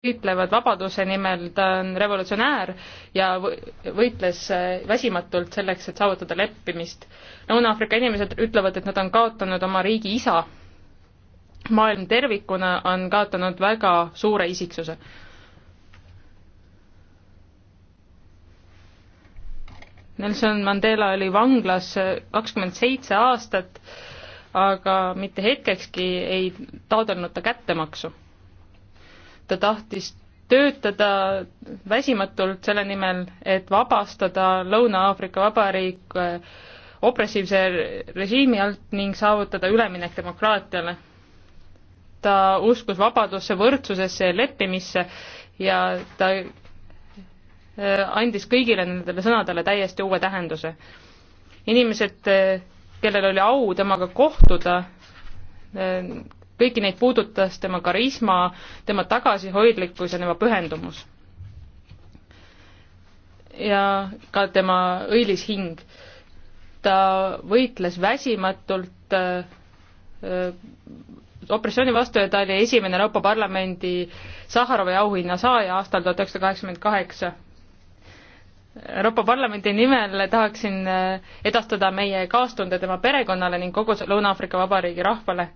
võitlevad vabaduse nimel, ta on revolutsionäär ja võitles äh, väsimatult selleks, et saavutada leppimist. Lõuna-Aafrika inimesed ütlevad, et nad on kaotanud oma riigi isa. maailm tervikuna on kaotanud väga suure isiksuse. Nelson Mandela oli vanglas äh, kakskümmend seitse aastat, aga mitte hetkekski ei taotlenud ta kättemaksu ta tahtis töötada väsimatult selle nimel, et vabastada Lõuna-Aafrika Vabariik äh, opressiivse režiimi alt ning saavutada üleminek demokraatiale. ta uskus vabadusse, võrdsusesse ja leppimisse ja ta äh, andis kõigile nendele sõnadele täiesti uue tähenduse. inimesed, äh, kellel oli au temaga kohtuda, kõiki neid puudutas tema karisma, tema tagasihoidlikkus ja tema pühendumus. ja ka tema õilis hing. ta võitles väsimatult äh, opressiooni vastu ja ta oli esimene Euroopa Parlamendi Saharovi auhinna saaja aastal tuhat üheksasada kaheksakümmend kaheksa. Euroopa Parlamendi nimel tahaksin äh, edastada meie kaastunde tema perekonnale ning kogu Lõuna-Aafrika Vabariigi rahvale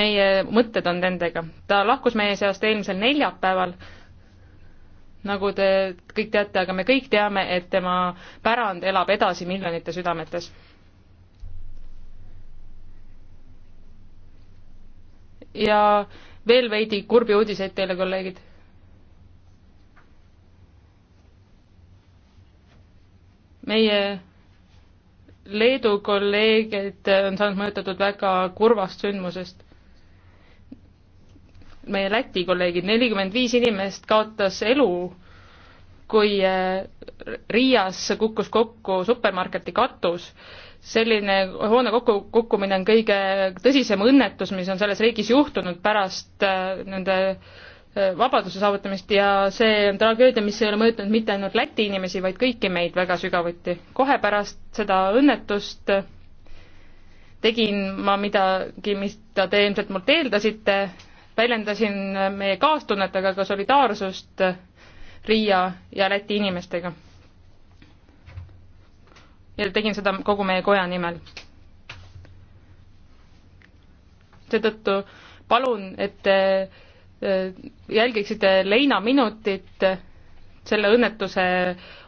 meie mõtted on nendega. ta lahkus meie seast eelmisel neljapäeval, nagu te kõik teate, aga me kõik teame, et tema pärand elab edasi miljonite südametes. ja veel veidi kurbi uudiseid teile, kolleegid meie Leedu kolleegid on saanud mõjutatud väga kurvast sündmusest meie Läti kolleegid, nelikümmend viis inimest kaotas elu, kui äh, Riias kukkus kokku supermarketi katus. selline hoone kokkukukkumine on kõige tõsisem õnnetus, mis on selles riigis juhtunud pärast äh, nende äh, vabaduse saavutamist ja see on tragöödia, mis ei ole mõjutanud mitte ainult Läti inimesi, vaid kõiki meid väga sügavuti. kohe pärast seda õnnetust tegin ma midagi, mida te ilmselt mult eeldasite, väljendasin meie kaastunnet, aga ka solidaarsust Riia ja Läti inimestega. ja tegin seda kogu meie koja nimel. seetõttu palun, et te e, jälgiksite leinaminutit selle õnnetuse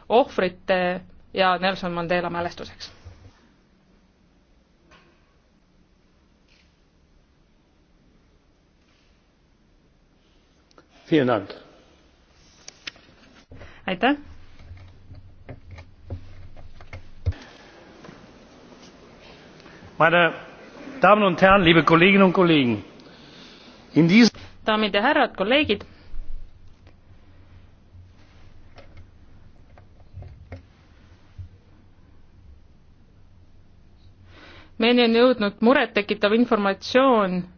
ohvrite ja Nelson Mandela mälestuseks aitäh! meine damen und herren liebe kolleginnen und kollegen! in diesem daamid ja härrad kolleegid meieni on jõudnud murettekitav informatsioon